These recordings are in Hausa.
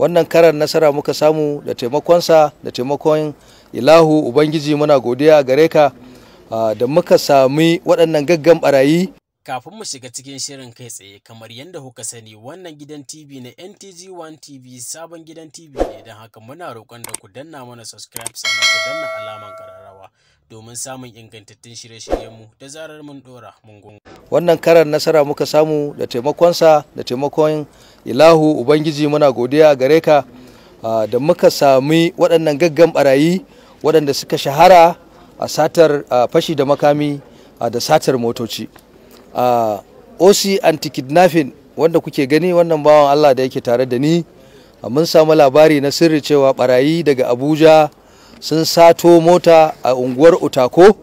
wannan karar nasara muka samu da taimakonsa da taimakon ilahu ubangiji muna godiya gare ka ah, da muka sami waɗannan gaggan barayi Kafin mu shiga cikin shirin kai tsaye kamar yadda kuka sani wannan gidan TV na NTG1 TV sabon gidan TV ne don haka muna roƙon da ku danna mana subscribe sannan ku danna alaman kararrawa domin samun ingantattun shirye-shiryenmu da zarar mun ɗora mun Wannan karar nasara muka samu da taimakonsa da taimakon Ilahu Ubangiji muna godiya gare ka da muka sami waɗannan gaggan barayi waɗanda suka shahara a satar fashi da makami da satar motoci. a oc anti-kidnapping wanda kuke gani wannan bawan allah da yake tare da ni mun samu labari na sirri cewa barayi daga abuja sun sato mota a unguwar utako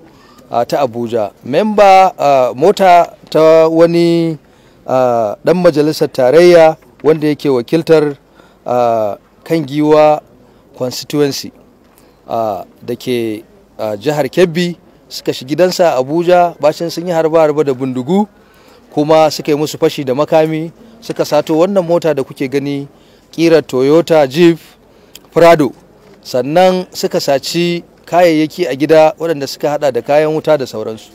ta abuja memba mota ta wani dan majalisar tarayya wanda yake wakiltar kan giwa constituency da ke jihar kebbi suka shi gidansa abuja bashin sun yi harba harba da bindigu kuma suka yi musu fashi da makami suka sato wannan mota da kuke gani kira toyota jeep prado sannan suka saci kayayyaki a gida waɗanda suka hada da kayan wuta da sauransu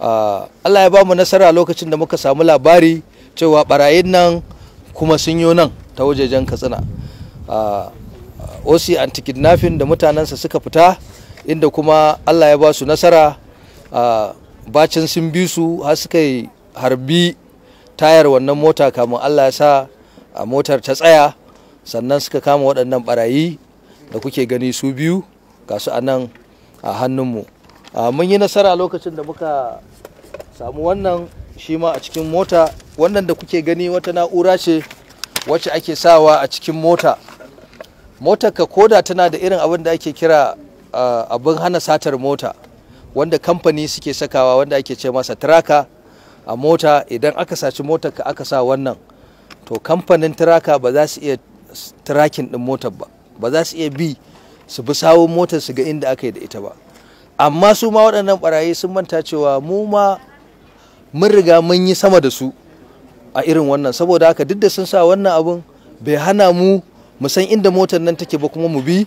ah, allah ya ba mu nasara lokacin da muka samu labari cewa barayin nan kuma sun yi nan ta wajejen katsina ah, osi anti kidnapping da mutanensa suka fita inda kuma allah ya ba su nasara a bacin sun bi su har suka yi harbi tayar wannan mota kamun allah ya sa a motar ta tsaya sannan suka kama waɗannan barayi da kuke gani su biyu ga su a nan a hannunmu mun yi nasara lokacin da muka samu wannan shi ma a cikin mota wannan da kuke gani wata na'ura ce wacce ake sawa a cikin mota motar ka koda tana da irin abin da ake kira abin hana satar mota wanda kamfani suke sakawa wanda ake ce masa traka a mota idan aka saci motar ka aka sa wannan to kamfanin traka ba za su iya trakin din motar ba ba za su iya bi su bi sawo motar su ga inda aka yi da ita ba amma su ma waɗannan barayi sun manta cewa mu ma mun riga mun yi sama da su a irin wannan saboda haka duk da sun sa wannan abun bai hana mu mu san inda motar nan take ba kuma mu bi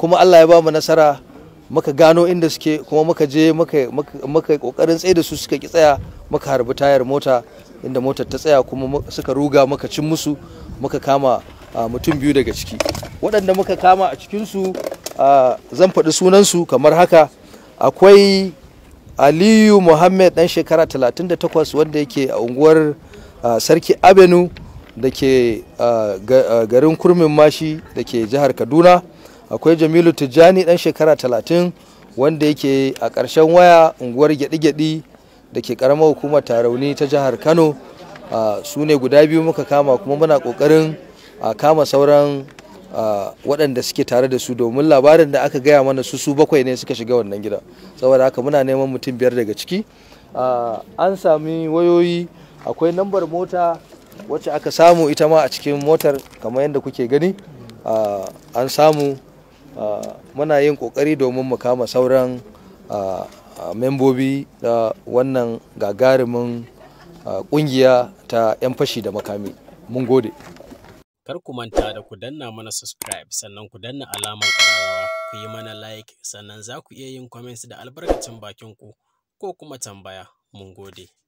kuma Allah ya ba mu nasara muka gano inda suke kuma muka je muka kokarin tsaye da su suka ki tsaya muka harbi tayar mota inda motar ta tsaya kuma suka ruga muka cin musu muka kama ah, mutum biyu daga ciki waɗanda muka kama a cikinsu ah, zan faɗi sunansu kamar haka akwai aliyu muhammad ɗan shekara 38 wanda yake a unguwar ah, sarki abenu da ke garin kurmin mashi da ke jihar kaduna akwai jamilu tijjani dan shekara talatin wanda yake a ƙarshen waya unguwar gyaɗi-gyaɗi da ke ƙaramar hukumar tarauni ta jihar kano su ne guda biyu muka kama kuma muna ƙoƙarin kama sauran waɗanda suke tare da su domin labarin da aka gaya mana su su bakwai ne suka shiga wannan gida saboda haka muna neman mutum biyar daga ciki an sami wayoyi akwai lambar mota wacce aka samu ita ma a cikin motar kamar yadda kuke gani an samu Ah, muna yin kokari domin mu kama sauran ah, ah, membobi da wannan gagarumin kungiya ta 'yan fashi da makami mun gode kar ku manta da ku danna mana subscribe sannan ku danna alamar ƙararrawa ku yi mana like sannan za ku iya yin comments da albarkacin bakin ku ko kuma tambaya mun gode